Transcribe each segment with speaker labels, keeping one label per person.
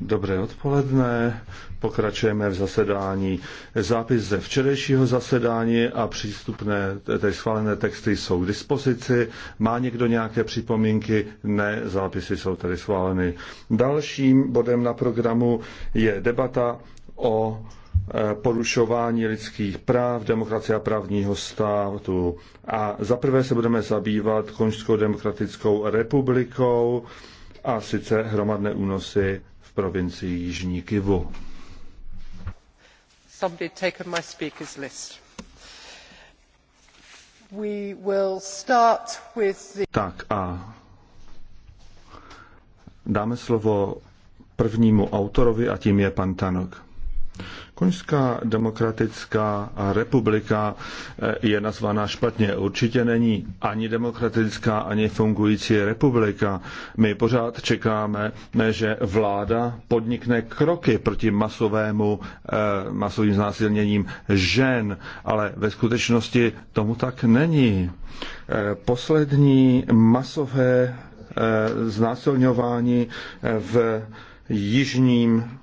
Speaker 1: Dobré odpoledne, pokračujeme v zasedání. Zápis ze včerejšího zasedání a přístupné, té schválené texty jsou k dispozici. Má někdo nějaké připomínky? Ne, zápisy jsou tedy schváleny. Dalším bodem na programu je debata o porušování lidských práv, demokracie a právního státu. A zaprvé se budeme zabývat Konžskou demokratickou republikou a sice hromadné únosy v provincii Jižní Kivu.
Speaker 2: Somebody taken my speakers list.
Speaker 1: We will start with the... Tak a dáme slovo prvnímu autorovi a tím je pan Tanok. Koňská demokratická republika eh, je nazvána špatně. Určitě není ani demokratická, ani fungující republika. My pořád čekáme, eh, že vláda podnikne kroky proti masovému, eh, masovým znásilněním žen, ale ve skutečnosti tomu tak není. Poslední masové znásilňování v jižním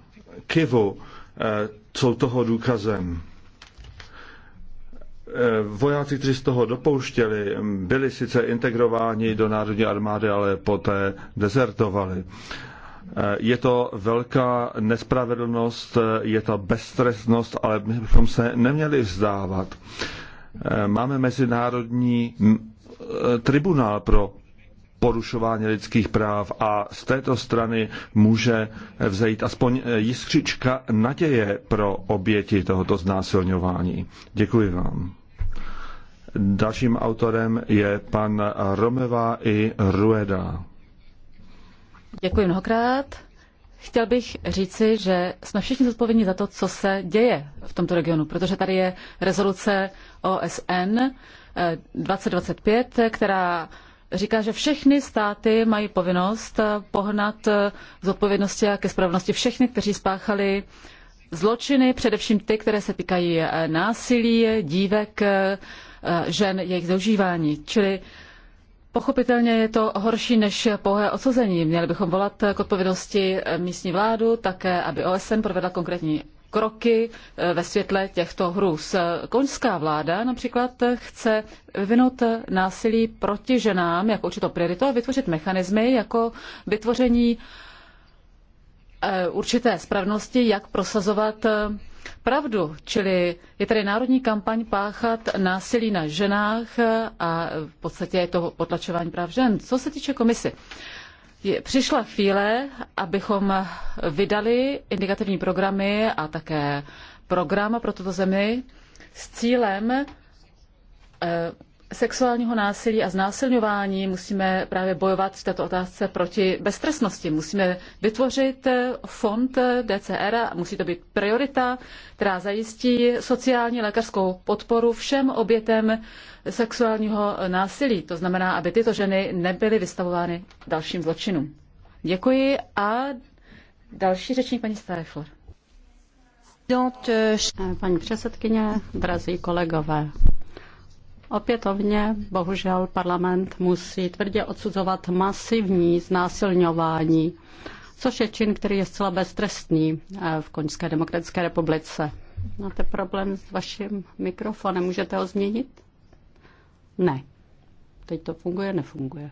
Speaker 1: Kivu Eh, jsou toho důkazem. Eh, vojáci, kteří z toho dopouštěli, byli sice integrováni do národní armády, ale poté dezertovali. Eh, je to velká nespravedlnost, je to beztrestnost, ale my bychom se neměli vzdávat. Máme mezinárodní mm, tribunál pro porušování lidských práv a z této strany může vzejít aspoň jiskřička naděje pro oběti tohoto znásilňování. Děkuji vám. Dalším autorem je pan Romeva i Rueda.
Speaker 3: Děkuji mnohokrát. Chtěl bych říci, že jsme všichni zodpovědní za to, co se děje v tomto regionu, protože tady je rezoluce OSN 2025, eh, která říká, že všechny státy mají povinnost pohnat z odpovědnosti a ke spravedlnosti všechny, kteří spáchali zločiny, především ty, které se týkají násilí, dívek, žen, jejich zaužívání. Čili Pochopitelně je to horší než pouhé odsouzení. Měli bychom volat k odpovědnosti místní vládu, také aby OSN provedla konkrétní kroky eh, ve světle těchto hrůz. Koňská vláda například chce vyvinout násilí proti ženám jako určitou prioritu a vytvořit mechanismy jako vytvoření eh, určité spravnosti, jak prosazovat eh, pravdu, čili je tady národní kampaň páchat násilí na ženách a v podstatě je to potlačování práv žen. Co se týče komisy, je, přišla chvíle, abychom vydali indikativní programy a také program pro tuto zemi s cílem eh, sexuálního násilí a znásilňování musíme právě bojovat v této otázce proti beztrestnosti. Musíme vytvořit eh, fond eh, DCR a musí to být priorita, která zajistí sociální lékařskou podporu všem obětem sexuálního eh, násilí. To znamená, aby tyto ženy nebyly vystavovány dalším zločinům. Děkuji a další řečník paní Stajfler.
Speaker 2: Paní předsedkyně, drazí kolegové, Opětovně, bohužel, parlament musí tvrdě odsuzovat masivní znásilňování, což je čin, který je zcela beztrestný eh, v Koňské demokratické republice. Máte problém s vaším mikrofonem, můžete ho změnit? Ne. Teď to funguje, nefunguje.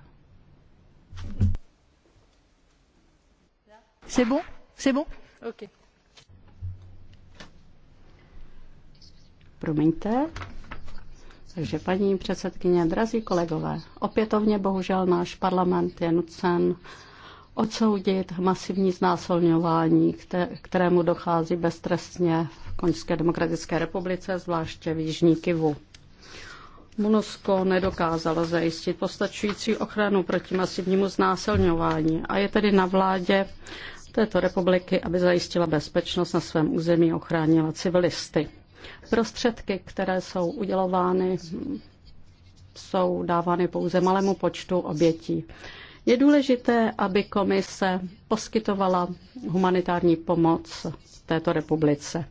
Speaker 2: C'est bon? C'est bon? OK. Promiňte. Takže paní předsedkyně, drazí kolegové, opětovně bohužel náš parlament je nucen odsoudit masivní znásilňování, kterému dochází beztrestně v Koňské demokratické republice, zvláště v Jižní Kivu. Munosko nedokázalo zajistit postačující ochranu proti masivnímu znásilňování a je tedy na vládě této republiky, aby zajistila bezpečnost na svém území a ochránila civilisty. Prostředky, které jsou udělovány, jsou dávány pouze malému počtu obětí. Je důležité, aby komise poskytovala humanitární pomoc této republice.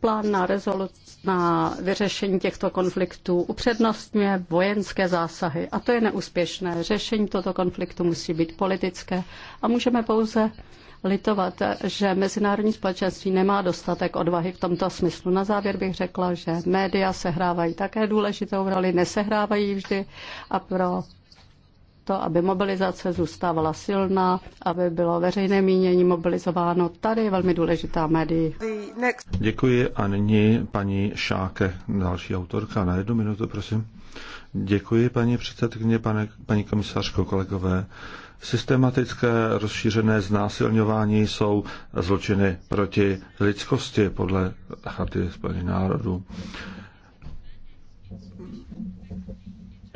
Speaker 2: Plán na, rezolut, na vyřešení těchto konfliktů upřednostňuje vojenské zásahy a to je neúspěšné. Řešení tohoto konfliktu musí být politické a můžeme pouze litovat, že mezinárodní společenství nemá dostatek odvahy v tomto smyslu. Na závěr bych řekla, že média sehrávají také důležitou roli, nesehrávají vždy a pro to, aby mobilizace zůstávala silná, aby bylo veřejné mínění mobilizováno. Tady je velmi důležitá médií.
Speaker 1: Děkuji a nyní paní Šáke, další autorka. Na jednu minutu, prosím. Děkuji, paní předsedkyně, paní komisářko, kolegové. Systematické rozšířené znásilňování jsou zločiny proti lidskosti podle Charty Spojených národů.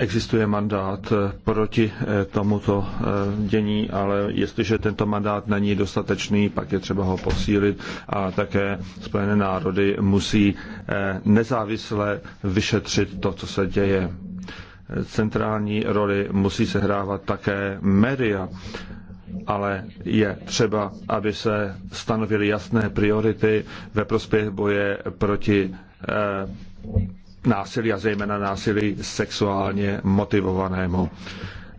Speaker 1: Existuje mandát proti eh, tomuto eh, dění, ale jestliže tento mandát není dostatečný, pak je třeba ho posílit a také Spojené národy musí eh, nezávisle vyšetřit to, co se děje centrální roli musí sehrávat také média, ale je třeba, aby se stanovily jasné priority ve prospěch boje proti eh, násilí a zejména násilí sexuálně motivovanému.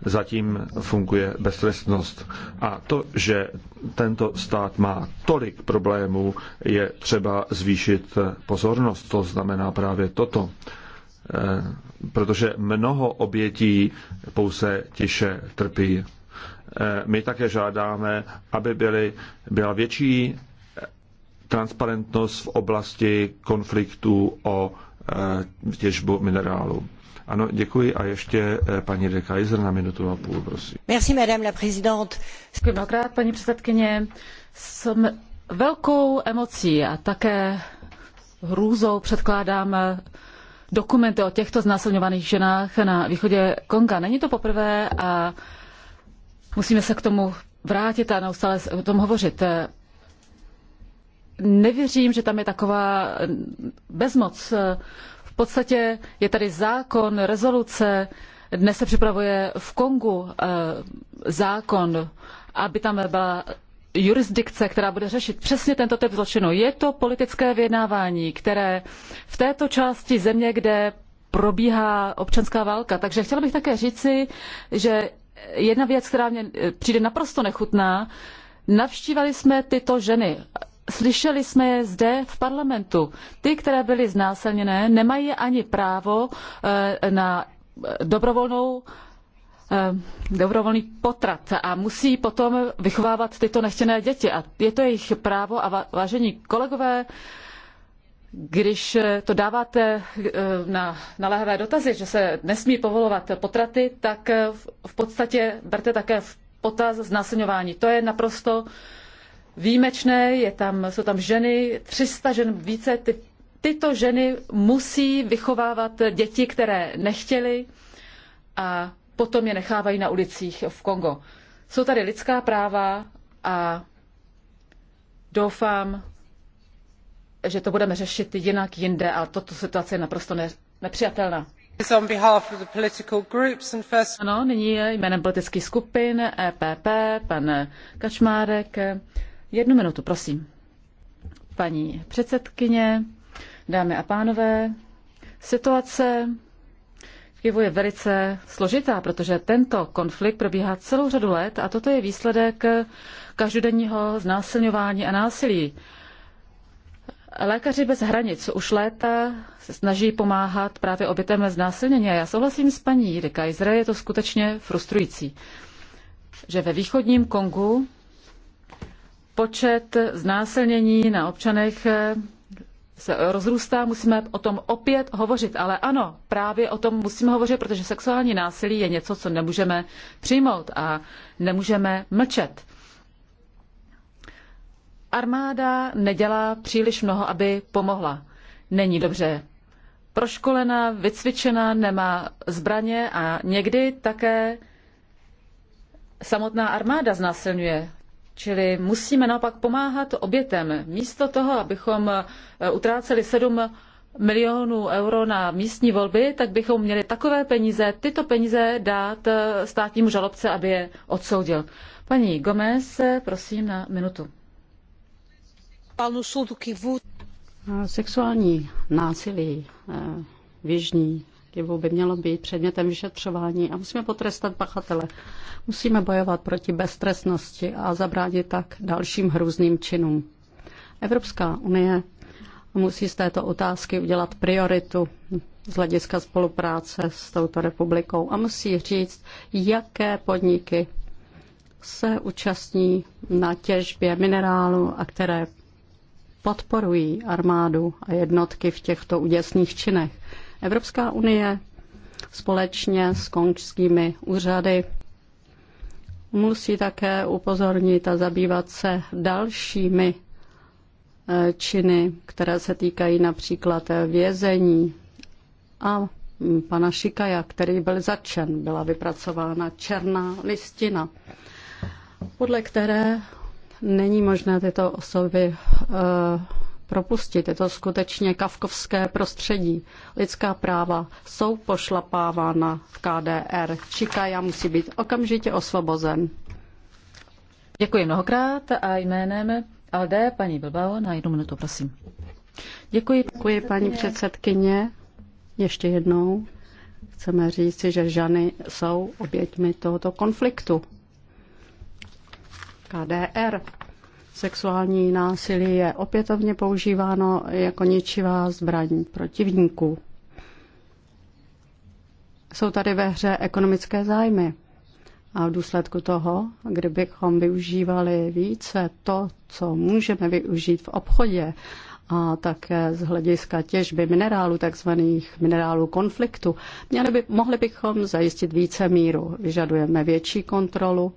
Speaker 1: Zatím funguje beztrestnost. A to, že tento stát má tolik problémů, je třeba zvýšit pozornost. To znamená právě toto eh, protože mnoho obětí pouze tiše trpí. Eh, my také žádáme, aby byly, byla větší transparentnost v oblasti konfliktu o eh, těžbu minerálu. Ano, děkuji a ještě eh, paní de Kaiser na minutu a půl, prosím.
Speaker 3: Merci, madame la présidente. Děkuji mnohokrát, paní předsedkyně. s velkou emocí a také hrůzou předkládám dokumenty o těchto znásilňovaných ženách na východě Konga. Není to poprvé a musíme se k tomu vrátit a neustále o tom hovořit. Nevěřím, že tam je taková bezmoc. V podstatě je tady zákon, rezoluce, dnes se připravuje v Kongu eh, zákon, aby tam byla jurisdikce, která bude řešit přesně tento typ zločinu. Je to politické vyjednávání, které v této části země, kde probíhá občanská válka. Takže chtěla bych také říci, že jedna věc, která mě eh, přijde naprosto nechutná, navštívali jsme tyto ženy. Slyšeli jsme je zde v parlamentu. Ty, které byly znásilněné, nemají ani právo eh, na eh, dobrovolnou Eh, dobrovolný potrat a musí potom vychovávat tyto nechtěné děti. A je to jejich právo a vážení kolegové, když eh, to dáváte eh, na naléhavé dotazy, že se nesmí povolovat potraty, tak v podstatě berte také v potaz znásilňování. To je naprosto výjimečné, je tam, jsou tam ženy, 300 žen více, ty, tyto ženy musí vychovávat děti, které nechtěly a potom je nechávají na ulicích v Kongo. Jsou tady lidská práva a doufám, že to budeme řešit jinak jinde a toto situace je naprosto ne- nepřijatelná. Ano, nyní je jménem politických skupin EPP, pan Kačmárek. Jednu minutu, prosím. Paní předsedkyně, dámy a pánové, situace Kivu je velice složitá, protože tento konflikt probíhá celou řadu let a toto je výsledek každodenního znásilňování a násilí. Lékaři bez hranic už léta se snaží pomáhat právě obětem znásilnění. A já souhlasím s paní Jiri Kajzre, je to skutečně frustrující, že ve východním Kongu počet znásilnění na občanech se rozrůstá, musíme o tom opět hovořit. Ale ano, právě o tom musíme hovořit, protože sexuální násilí je něco, co nemůžeme přijmout a nemůžeme mlčet. Armáda nedělá příliš mnoho, aby pomohla. Není dobře proškolená, vycvičená, nemá zbraně a někdy také samotná armáda znásilňuje Čili musíme naopak pomáhat obětem. Místo toho, abychom eh, utráceli 7 milionů euro na místní volby, tak bychom měli takové peníze, tyto peníze dát eh, státnímu žalobce, aby je odsoudil. Paní Gomez, eh, prosím na minutu.
Speaker 2: Sexuální násilí v Jižní nebo by mělo být předmětem vyšetřování a musíme potrestat pachatele. Musíme bojovat proti beztrestnosti a zabránit tak dalším hrůzným činům. Evropská unie musí z této otázky udělat prioritu z hlediska spolupráce s touto republikou a musí říct, jaké podniky se účastní na těžbě minerálu a které podporují armádu a jednotky v těchto úděsných činech. Evropská unie společně s končskými úřady musí také upozornit a zabývat se dalšími eh, činy, které se týkají například vězení a pana Šikaja, který byl začen, byla vypracována černá listina, podle které není možné tyto osoby eh, propustit. Je to skutečně kavkovské prostředí. Lidská práva jsou pošlapávána v KDR. Čikaja musí být okamžitě osvobozen. Děkuji mnohokrát a jménem LD paní Bilbao, na jednu minutu, prosím. Děkuji. Děkuji, paní předsedkyně. Ještě jednou chceme říci, že ženy jsou oběťmi tohoto konfliktu. KDR Sexuální násilí je opětovně používáno jako ničivá zbraň protivníků. Jsou tady ve hře ekonomické zájmy. A v důsledku toho, kdybychom využívali více to, co můžeme využít v obchodě, a také z hlediska těžby minerálů, takzvaných minerálů konfliktu, měli by, mohli bychom zajistit více míru. Vyžadujeme větší kontrolu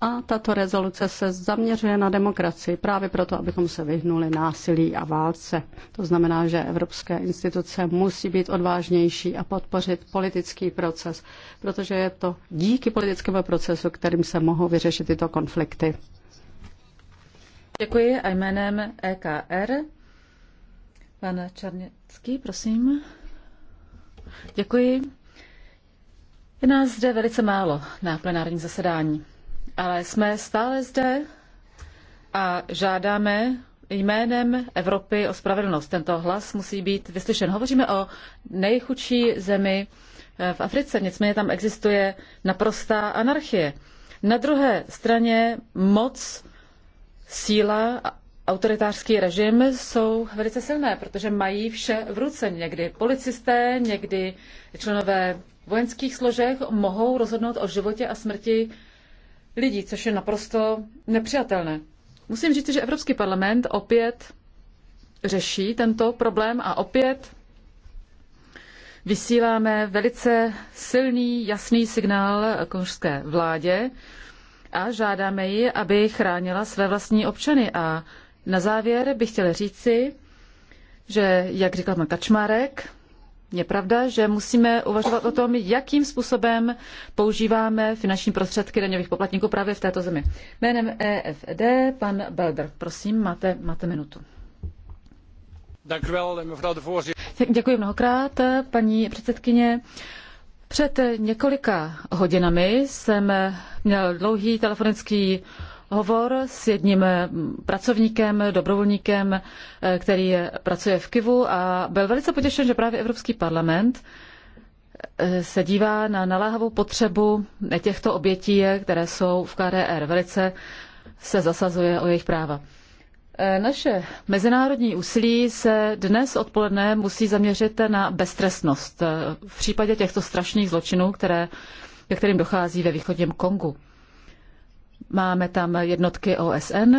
Speaker 2: a tato rezoluce se zaměřuje na demokracii právě proto, abychom se vyhnuli násilí a válce. To znamená, že evropské instituce musí být odvážnější a podpořit politický proces, protože je to díky politickému procesu, kterým se mohou vyřešit tyto konflikty.
Speaker 3: Děkuji a jménem EKR. Pan Čarněcký, prosím. Děkuji. Je nás zde velice málo na plenárním zasedání ale jsme stále zde a žádáme jménem Evropy o spravedlnost. Tento hlas musí být vyslyšen. Hovoříme o nejchudší zemi eh, v Africe, nicméně tam existuje naprostá anarchie. Na druhé straně moc, síla autoritářský režim jsou velice silné, protože mají vše v ruce. Někdy policisté, někdy členové vojenských složek mohou rozhodnout o životě a smrti lidí, což je naprosto nepřijatelné. Musím říct, že Evropský parlament opět řeší tento problém a opět vysíláme velice silný, jasný signál konžské vládě a žádáme ji, aby chránila své vlastní občany. A na závěr bych chtěla říci, že, jak říkal pan Kačmárek, je pravda, že musíme uvažovat o tom, jakým způsobem používáme finanční prostředky daňových poplatníků právě v této zemi. Jménem EFD, pan Belder, prosím, máte, máte minutu. Eh, děkuji mnohokrát, eh, paní předsedkyně. Před několika hodinami jsem měl dlouhý telefonický hovor s jedním eh, pracovníkem, dobrovolníkem, eh, který eh, pracuje v Kivu a byl velice potěšen, že právě Evropský parlament se dívá na naléhavou potřebu těchto obětí, které jsou v KDR. Velice se zasazuje o jejich práva. Naše mezinárodní úsilí se dnes odpoledne musí zaměřit na beztrestnost v případě těchto strašných zločinů, které, ke kterým dochází ve východním Kongu. Máme tam jednotky OSN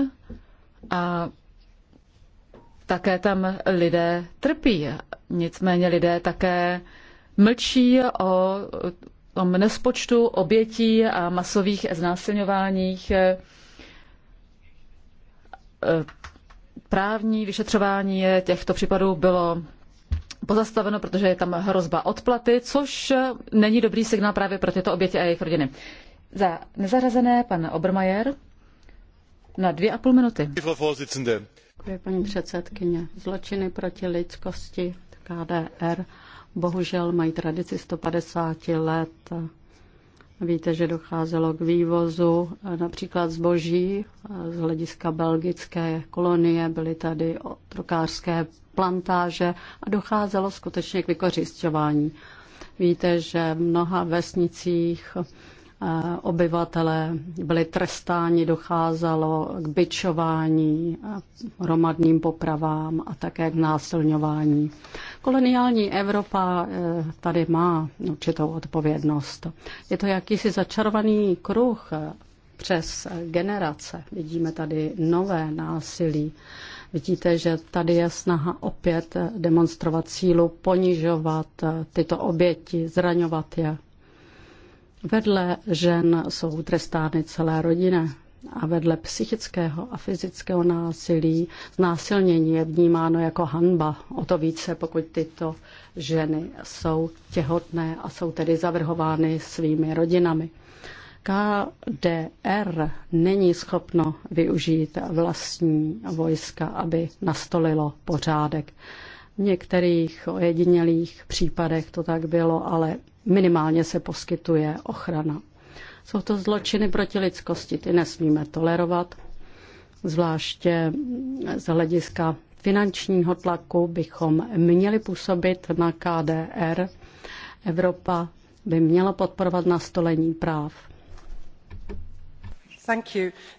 Speaker 3: a také tam lidé trpí. Nicméně lidé také mlčí o tom nespočtu obětí a masových znásilňováních. Eh, právní vyšetřování těchto případů bylo pozastaveno, protože je tam hrozba odplaty, což není dobrý signál právě pro tyto oběti a jejich rodiny. Za nezařazené pan Obermajer na dvě a půl minuty.
Speaker 1: Děkuji,
Speaker 3: paní předsedkyně. Zločiny proti
Speaker 2: lidskosti KDR bohužel mají tradici 150 let. Víte, že docházelo k vývozu například zboží z hlediska belgické kolonie, byly tady trokářské plantáže a docházelo skutečně k vykořišťování. Víte, že v mnoha vesnicích Eh, obyvatelé byli trestáni, docházelo k byčování, eh, hromadným popravám a také k násilňování. Koloniální Evropa eh, tady má určitou odpovědnost. Je to jakýsi začarovaný kruh přes generace. Vidíme tady nové násilí. Vidíte, že tady je snaha opět demonstrovat sílu, ponižovat tyto oběti, zraňovat je. Vedle žen jsou trestány celé rodiny a vedle psychického a fyzického násilí znásilnění je vnímáno jako hanba. O to více, pokud tyto ženy jsou těhotné a jsou tedy zavrhovány svými rodinami. KDR není schopno využít vlastní vojska, aby nastolilo pořádek. V některých ojedinělých případech to tak bylo, ale minimálně se poskytuje ochrana. Jsou to zločiny proti lidskosti, ty nesmíme tolerovat, zvláště z hlediska finančního tlaku bychom měli působit na KDR. Evropa by měla
Speaker 3: podporovat nastolení práv.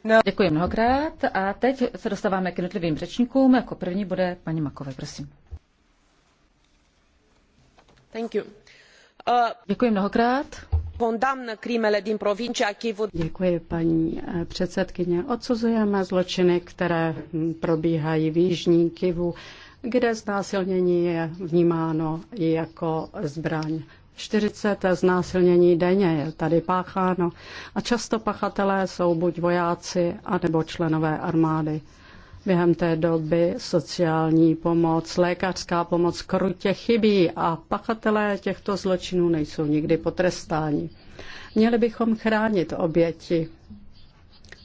Speaker 3: No. Děkuji mnohokrát a teď se dostáváme k jednotlivým řečníkům. Jako první bude paní Makové, prosím. Thank you. Děkuji mnohokrát. Kondamnă crimele din provincia Chivul.
Speaker 2: Děkuji, paní eh, předsedkyně. Odsuzujeme zločiny, které probíhají v jižní Kivu, kde znásilnění je vnímáno jako zbraň. 40 znásilnění denně je tady pácháno a často pachatelé jsou buď vojáci, anebo členové armády. Během té doby sociální pomoc, lékařská pomoc krutě chybí a pachatelé těchto zločinů nejsou nikdy potrestáni. Měli bychom chránit oběti.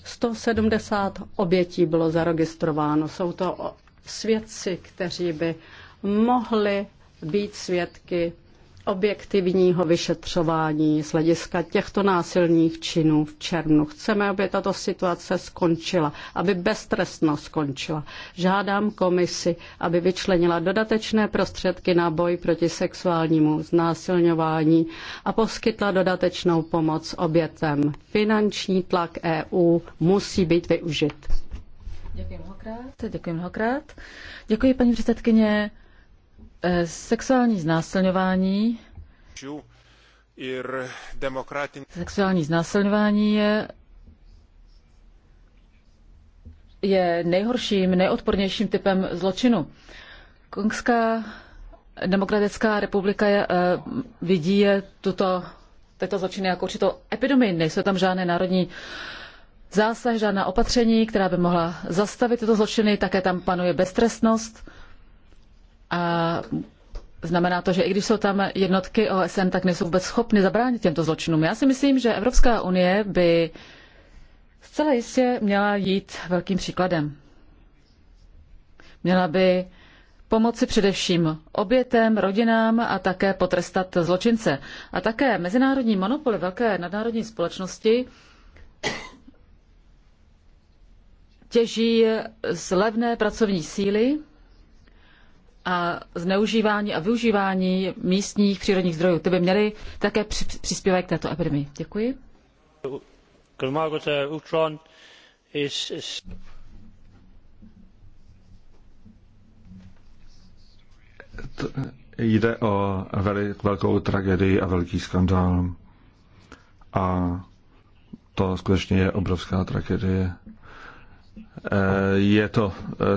Speaker 2: 170 obětí bylo zaregistrováno. Jsou to svědci, kteří by mohli být svědky objektivního vyšetřování z hlediska těchto násilných činů v červnu. Chceme, aby tato situace skončila, aby beztrestnost skončila. Žádám komisi, aby vyčlenila dodatečné prostředky na boj proti sexuálnímu znásilňování a poskytla dodatečnou pomoc obětem. Finanční tlak EU musí být využit.
Speaker 3: Děkuji mnohokrát. Děkuji mnohokrát. Děkuji paní předsedkyně. Eh, sexuální znásilňování Sexuální znásilňování je, je nejhorším, nejodpornějším typem zločinu. Kongská demokratická republika je, eh, vidí je tuto, tyto zločiny jako určitou epidemii. Nejsou tam žádné národní zásah, žádná opatření, která by mohla zastavit tyto zločiny. Také tam panuje beztrestnost a znamená to, že i když jsou tam jednotky OSN, tak nejsou vůbec schopny zabránit těmto zločinům. Já si myslím, že Evropská unie by zcela jistě měla jít velkým příkladem. Měla by pomoci především obětem, rodinám a také potrestat zločince. A také mezinárodní monopoly velké nadnárodní společnosti těží z levné pracovní síly, a zneužívání a využívání místních přírodních zdrojů. Ty by měly také přispívat k této epidemii. Děkuji.
Speaker 1: To jde o velkou tragédii a velký skandál. A to skutečně je obrovská tragédie je to,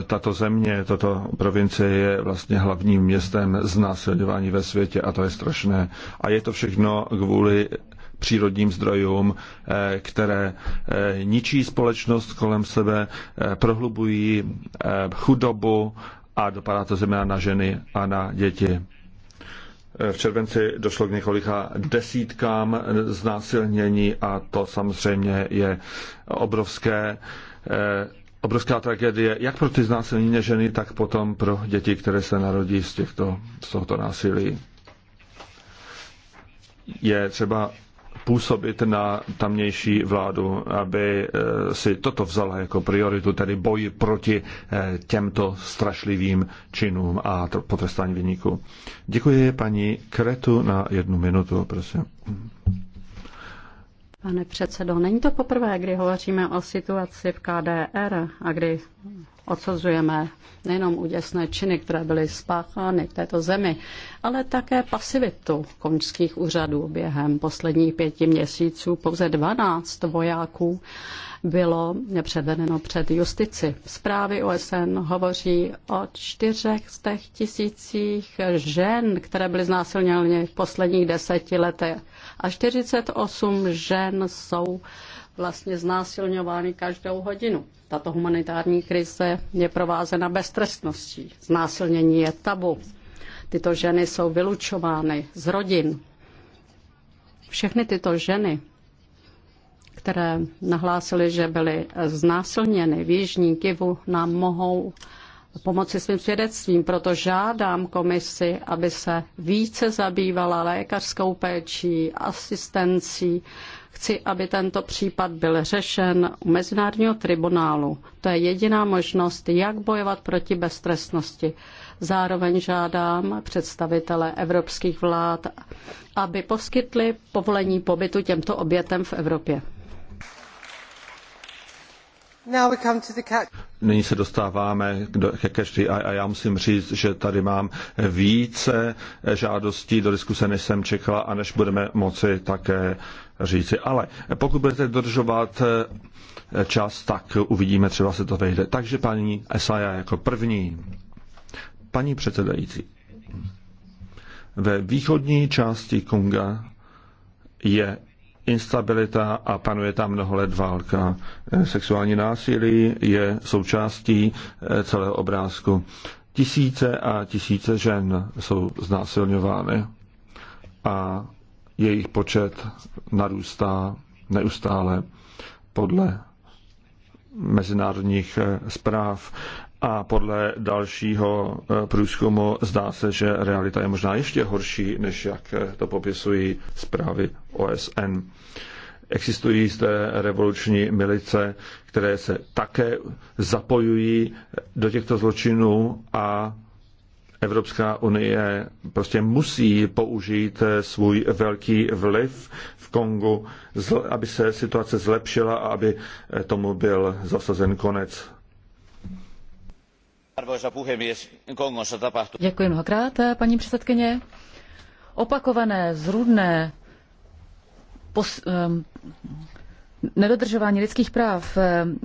Speaker 1: tato země, toto provincie je vlastně hlavním městem znásilňování ve světě a to je strašné. A je to všechno kvůli přírodním zdrojům, které ničí společnost kolem sebe, prohlubují chudobu a dopadá to zejména na ženy a na děti. V červenci došlo k několika desítkám znásilnění a to samozřejmě je obrovské Eh, obrovská tragédie jak pro ty znásilněné ženy, tak potom pro děti, které se narodí z, těchto, z tohoto násilí. Je třeba působit na tamnější vládu, aby eh, si toto vzala jako prioritu, tedy boj proti eh, těmto strašlivým činům a potrestání vyníků. Děkuji paní Kretu na jednu minutu, prosím.
Speaker 2: Pane předsedo, není to poprvé, kdy hovoříme o situaci v KDR a kdy odsuzujeme nejenom úděsné činy, které byly spáchány v této zemi, ale také pasivitu končských úřadů během posledních pěti měsíců. Pouze 12 vojáků bylo předvedeno před justici. Zprávy OSN hovoří o čtyřech z těch tisících žen, které byly znásilněny v posledních deseti letech a 48 žen jsou vlastně znásilňovány každou hodinu. Tato humanitární krize je provázena beztrestností. Znásilnění je tabu. Tyto ženy jsou vylučovány z rodin. Všechny tyto ženy, které nahlásily, že byly znásilněny v Jižní Kivu, nám mohou pomoci svým svědectvím, proto žádám komisi, aby se více zabývala lékařskou péčí, asistencí. Chci, aby tento případ byl řešen u Mezinárodního tribunálu. To je jediná možnost, jak bojovat proti beztrestnosti. Zároveň žádám představitele evropských vlád, aby poskytli povolení pobytu těmto obětem v Evropě.
Speaker 1: Nyní se dostáváme ke každý a já musím říct, že tady mám více žádostí do diskuse, než jsem čekala a než budeme moci také říci. Ale pokud budete dodržovat eh, čas, tak uvidíme, třeba se to vejde. Takže paní Esaja jako první. Paní předsedající, ve východní části Konga je instabilita a panuje tam mnoho let válka. Eh, sexuální násilí je součástí eh, celého obrázku. Tisíce a tisíce žen jsou znásilňovány a jejich počet narůstá neustále podle mezinárodních eh, zpráv a podle dalšího eh, průzkumu zdá se, že realita je možná ještě horší, než jak eh, to popisují zprávy OSN. Existují zde revoluční milice, které se také zapojují do těchto zločinů a Evropská unie prostě musí použít eh, svůj velký vliv v Kongu, aby se situace zlepšila a aby tomu byl zasazen konec. Děkuji
Speaker 3: mnohokrát, paní předsedkyně. Opakované, zrůdné pos, nedodržování lidských práv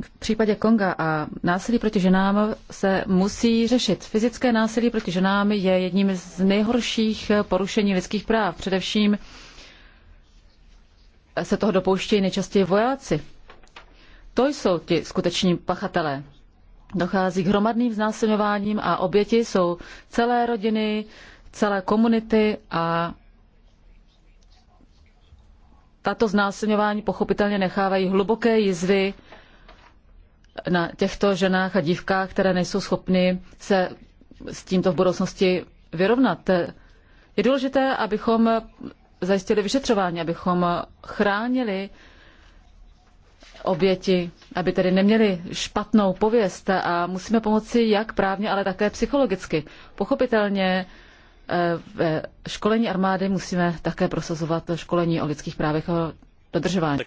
Speaker 3: v případě Konga a násilí proti ženám se musí řešit. Fyzické násilí proti ženám je jedním z nejhorších porušení lidských práv. Především se toho dopouštějí nejčastěji vojáci. To jsou ti skuteční pachatelé. Dochází k hromadným znásilňováním a oběti jsou celé rodiny, celé komunity a tato znásilňování pochopitelně nechávají hluboké jizvy na těchto ženách a dívkách, které nejsou schopny se s tímto v budoucnosti vyrovnat. Je důležité, abychom zajistili vyšetřování, abychom chránili oběti, aby tedy neměli špatnou pověst a musíme pomoci jak právně, ale také psychologicky. Pochopitelně eh, ve školení armády musíme také prosazovat školení o lidských právech a dodržování.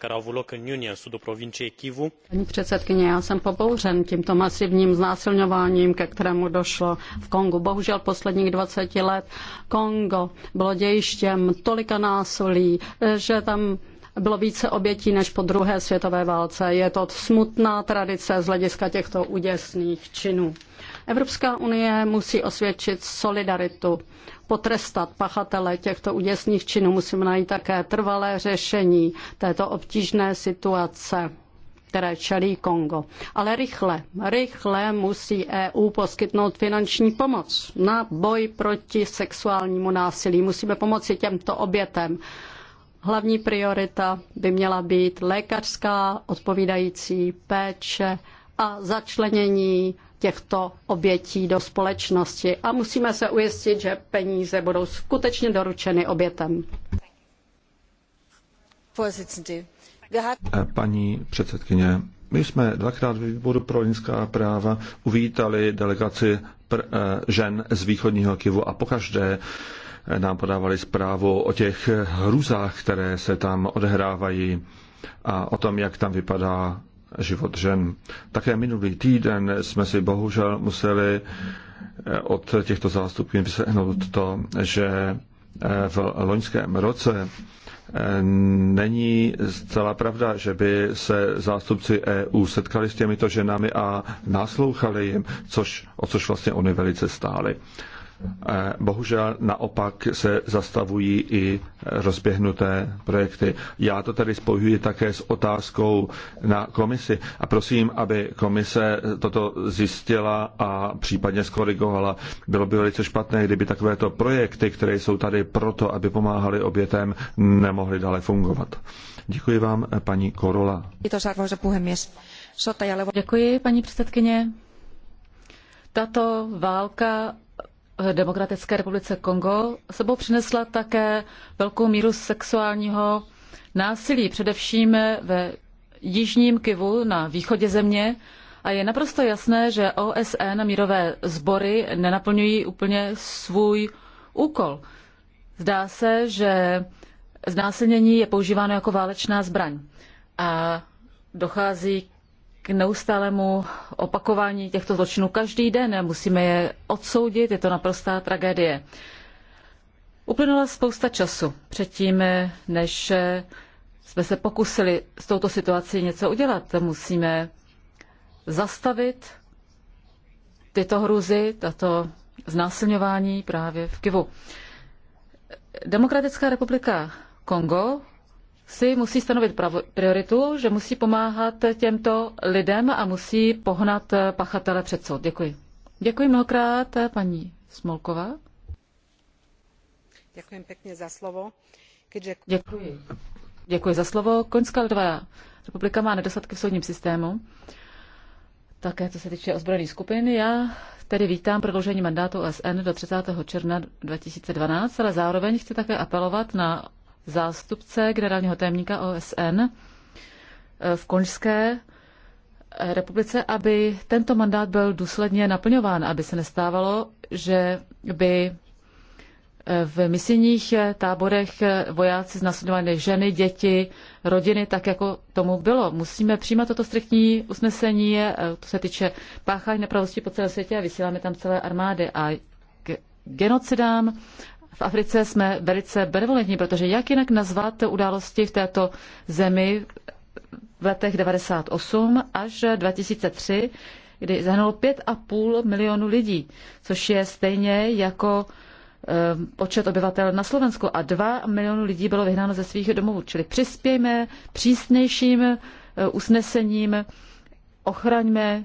Speaker 3: Paní předsedkyně, já jsem
Speaker 2: pobouřen tímto masivním znásilňováním, ke kterému došlo v Kongu. Bohužel posledních 20 let Kongo bylo dějištěm tolika násilí, eh, že tam bylo více obětí než po druhé světové válce. Je to smutná tradice z hlediska těchto uděsných činů. Evropská unie musí osvědčit solidaritu, potrestat pachatele těchto uděsných činů. Musíme najít také trvalé řešení této obtížné situace které čelí Kongo. Ale rychle, rychle musí EU poskytnout finanční pomoc na boj proti sexuálnímu násilí. Musíme pomoci těmto obětem. Hlavní priorita by měla být lékařská odpovídající péče a začlenění těchto obětí do společnosti. A musíme se ujistit, že peníze budou skutečně doručeny obětem.
Speaker 3: Eh,
Speaker 1: paní předsedkyně, my jsme dvakrát ve výboru pro lidská práva uvítali delegaci eh, žen z východního Kivu a pokaždé nám podávali zprávu o těch hrůzách, které se tam odehrávají a o tom, jak tam vypadá život žen. Také minulý týden jsme si bohužel museli eh, od těchto zástupků vysehnout to, že eh, v loňském roce eh, není zcela pravda, že by se zástupci EU setkali s těmito ženami a naslouchali jim, což, o což vlastně oni velice stáli. Bohužel naopak se zastavují i rozběhnuté projekty. Já to tady spojuji také s otázkou na komisi a prosím, aby komise toto zjistila a případně skorigovala. Bylo by velice špatné, kdyby takovéto projekty, které jsou tady proto, aby pomáhali obětem, nemohly dále fungovat. Děkuji vám, paní Korola.
Speaker 3: Děkuji, paní předsedkyně. Tato válka Demokratické republice Kongo sebou přinesla také velkou míru sexuálního násilí, především ve jižním Kivu na východě země. A je naprosto jasné, že OSN a mírové sbory nenaplňují úplně svůj úkol. Zdá se, že znásilnění je používáno jako válečná zbraň a dochází k neustálému opakování těchto zločinů každý den. Musíme je odsoudit, je to naprostá tragédie. Uplynula spousta času předtím, než jsme se pokusili s touto situací něco udělat. Musíme zastavit tyto hruzy, tato znásilňování právě v Kivu. Demokratická republika Kongo si musí stanovit prioritu, že musí pomáhat těmto lidem a musí pohnat eh, pachatele před soud. Děkuji. Děkuji mnohokrát, eh, paní Smolková.
Speaker 2: Děkuji pěkně za slovo. Keďže... Děkuji.
Speaker 3: Děkuji za slovo. Koňská lidová republika má nedostatky v soudním systému. Také co se týče ozbrojených skupin, já tedy vítám prodloužení mandátu OSN do 30. června 2012, ale zároveň chci také apelovat na zástupce generálního tajemníka OSN eh, v Konžské eh, republice, aby tento mandát byl důsledně naplňován, aby se nestávalo, že by eh, v misijních táborech vojáci znasledovali ženy, děti, rodiny, tak jako tomu bylo. Musíme přijímat toto striktní usnesení, to se týče páchání nepravosti po celém světě a vysíláme tam celé armády. A k genocidám v Africe jsme velice benevolentní, protože jak jinak nazvat události v této zemi v letech 98 až 2003, kdy zahrnulo 5,5 milionu lidí, což je stejně jako eh, počet obyvatel na Slovensku a 2 milionu lidí bylo vyhnáno ze svých domovů. Čili přispějme přísnějším eh, usnesením, ochraňme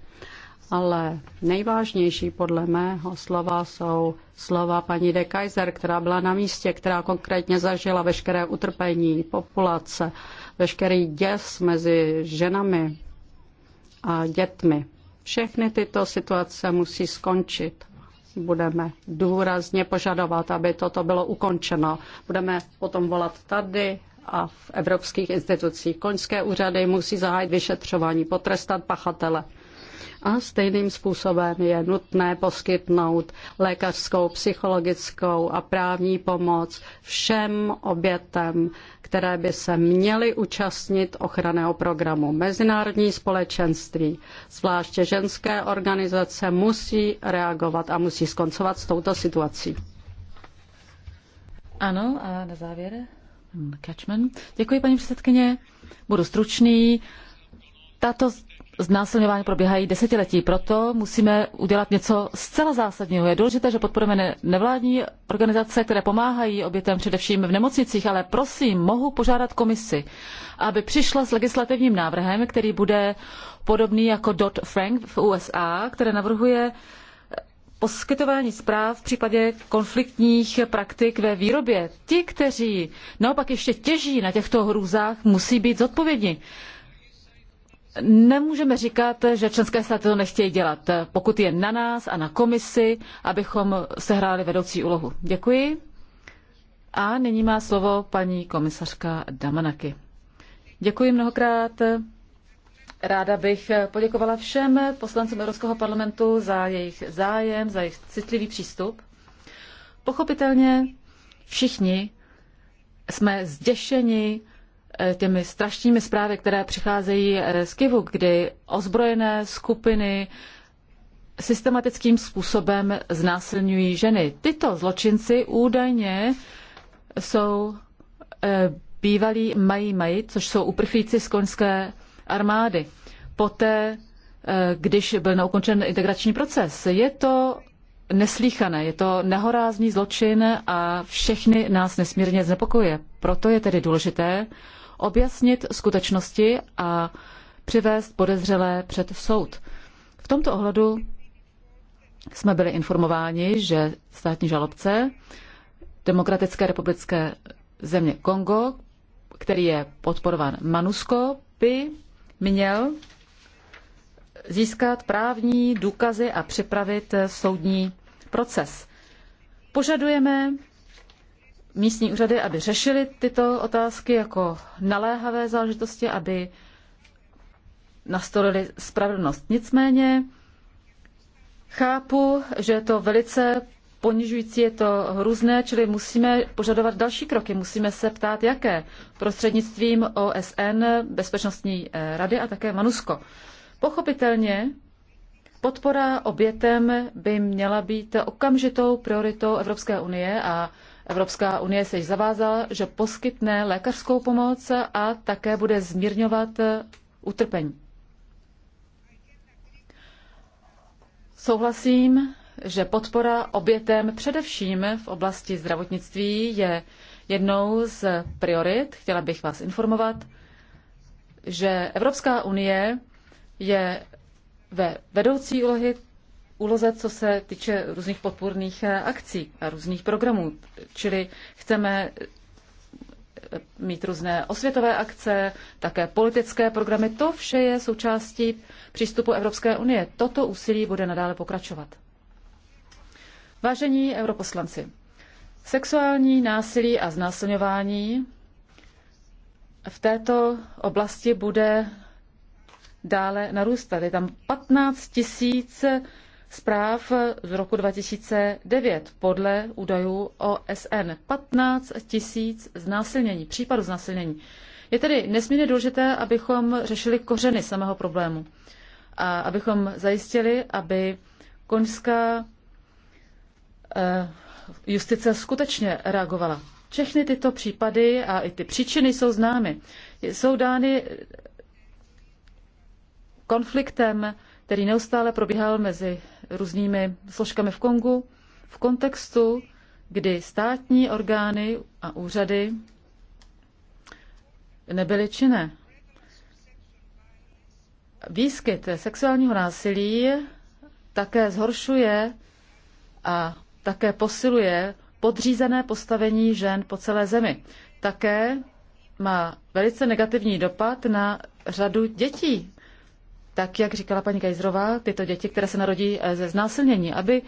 Speaker 2: ale nejvážnější podle mého slova jsou slova paní de Kaiser, která byla na místě, která konkrétně zažila veškeré utrpení populace, veškerý děs mezi ženami a dětmi. Všechny tyto situace musí skončit. Budeme důrazně požadovat, aby toto bylo ukončeno. Budeme potom volat tady a v evropských institucích. Koňské úřady musí zahájit vyšetřování, potrestat pachatele a stejným způsobem je nutné poskytnout lékařskou, psychologickou a právní pomoc všem obětem, které by se měly účastnit ochranného programu. Mezinárodní společenství, zvláště ženské organizace, musí reagovat a musí skoncovat s touto situací.
Speaker 3: Ano, a na závěr Kačman. Děkuji, paní předsedkyně. Budu stručný. Tato znásilňování probíhají desetiletí, proto musíme udělat něco zcela zásadního. Je důležité, že podporujeme nevládní organizace, které pomáhají obětem především v nemocnicích, ale prosím, mohu požádat komisi, aby přišla s legislativním návrhem, který bude podobný jako Dodd-Frank v USA, které navrhuje poskytování zpráv v případě konfliktních praktik ve výrobě. Ti, kteří naopak ještě těží na těchto hrůzách, musí být zodpovědní nemůžeme říkat, že členské státy to nechtějí dělat, pokud je na nás a na komisi, abychom sehráli vedoucí úlohu. Děkuji. A nyní má slovo paní komisařka Damanaky. Děkuji mnohokrát. Ráda bych poděkovala všem poslancům Evropského parlamentu za jejich zájem, za jejich citlivý přístup. Pochopitelně všichni jsme zděšeni Eh, těmi strašnými zprávy, které přicházejí eh, z Kivu, kdy ozbrojené skupiny systematickým způsobem znásilňují ženy. Tyto zločinci údajně jsou eh, bývalí mají mají, což jsou uprchlíci z koňské armády. Poté, když byl naukončen integrační proces, je to neslíchané, je to nehorázný zločin a všechny nás nesmírně znepokuje. Proto je tedy důležité, objasnit skutečnosti a přivést podezřelé před soud. V tomto ohledu jsme byli informováni, že státní žalobce Demokratické republické země Kongo, který je podporován Manusko, by měl získat právní důkazy a připravit soudní proces. Požadujeme místní úřady, aby řešili tyto otázky jako naléhavé záležitosti, aby nastolili spravedlnost. Nicméně chápu, že je to velice ponižující, je to hrůzné, čili musíme požadovat další kroky. Musíme se ptát, jaké prostřednictvím OSN, Bezpečnostní eh, rady a také Manusko. Pochopitelně podpora obětem by měla být okamžitou prioritou Evropské unie a Evropská unie se již zavázala, že poskytne lékařskou pomoc a také bude zmírňovat eh, utrpení. Souhlasím, že podpora obětem především v oblasti zdravotnictví je jednou z priorit. Chtěla bych vás informovat, že Evropská unie je ve vedoucí úlohy úloze, co se týče různých podpůrných eh, akcí a různých programů. Čili chceme eh, mít různé osvětové akce, také politické programy. To vše je součástí přístupu Evropské unie. Toto úsilí bude nadále pokračovat. Vážení europoslanci, sexuální násilí a znásilňování v této oblasti bude dále narůstat. Je tam 15 tisíc zpráv z roku 2009 podle údajů OSN. 15 tisíc znásilnění, případů znásilnění. Je tedy nesmírně důležité, abychom řešili kořeny samého problému a abychom zajistili, aby koňská eh, justice skutečně reagovala. Všechny tyto případy a i ty příčiny jsou známy. Jsou dány konfliktem, který neustále probíhal mezi různými složkami v Kongu v kontextu, kdy státní orgány a úřady nebyly činné. Výskyt sexuálního násilí také zhoršuje a také posiluje podřízené postavení žen po celé zemi. Také má velice negativní dopad na řadu dětí, tak jak říkala paní Kajzrová, tyto děti, které se narodí eh, ze znásilnění, aby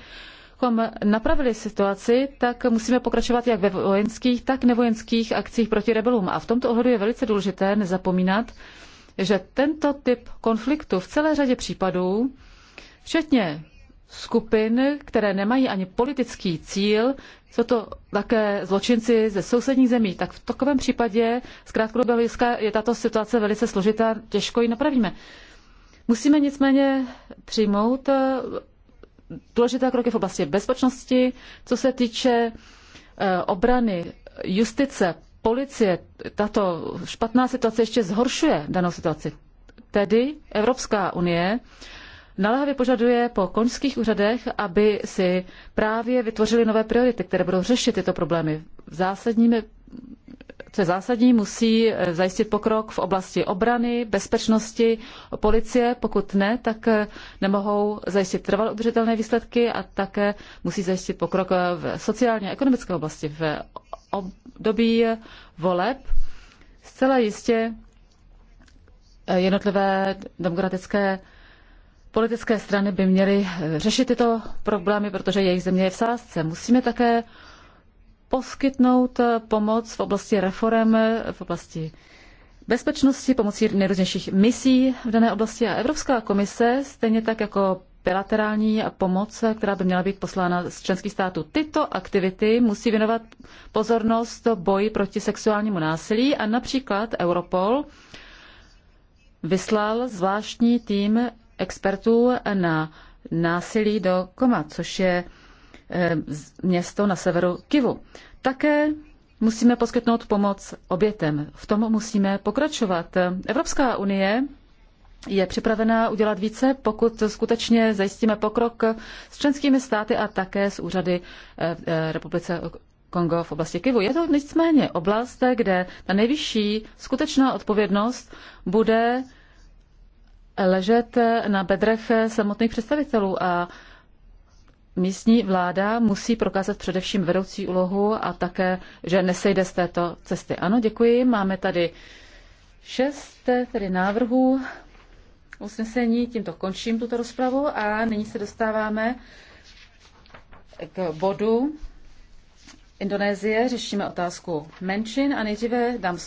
Speaker 3: napravili situaci, tak musíme pokračovat jak ve vojenských, tak nevojenských akcích proti rebelům. A v tomto ohledu je velice důležité nezapomínat, že tento typ konfliktu v celé řadě případů, včetně skupin, které nemají ani politický cíl, jsou to také zločinci ze sousedních zemí, tak v takovém případě z krátkodobého je tato situace velice složitá, těžko ji napravíme. Musíme nicméně přijmout eh, důležité kroky v oblasti bezpečnosti, co se týče eh, obrany, justice, policie. Tato špatná situace ještě zhoršuje danou situaci. Tedy Evropská unie naléhavě požaduje po konžských úřadech, aby si právě vytvořili nové priority, které budou řešit tyto problémy. zásadními co je zásadní, musí eh, zajistit pokrok v oblasti obrany, bezpečnosti, policie. Pokud ne, tak eh, nemohou zajistit trvalé udržitelné výsledky a také musí zajistit pokrok eh, v sociálně ekonomické oblasti. V období voleb zcela jistě jednotlivé demokratické politické strany by měly řešit tyto problémy, protože jejich země je v sázce. Musíme také poskytnout eh, pomoc v oblasti reform, v oblasti bezpečnosti pomocí nejrůznějších misí v dané oblasti a Evropská komise, stejně tak jako bilaterální pomoc, která by měla být poslána z členských států. Tyto aktivity musí věnovat pozornost boji proti sexuálnímu násilí a například Europol vyslal zvláštní tým expertů na násilí do Koma, což je Eh, město na severu Kivu. Také musíme poskytnout pomoc obětem. V tom musíme pokračovat. Evropská unie je připravená udělat více, pokud skutečně zajistíme pokrok s členskými státy a také s úřady v eh, eh, Republice Kongo v oblasti Kivu. Je to nicméně oblast, kde ta nejvyšší skutečná odpovědnost bude ležet na bedrech samotných představitelů a místní vláda musí prokázat především vedoucí úlohu a také, že nesejde z této cesty. Ano, děkuji. Máme tady šest eh, tedy návrhů usnesení. Tímto končím tuto rozpravu a nyní se dostáváme k bodu Indonésie. Řešíme otázku menšin a nejdříve dám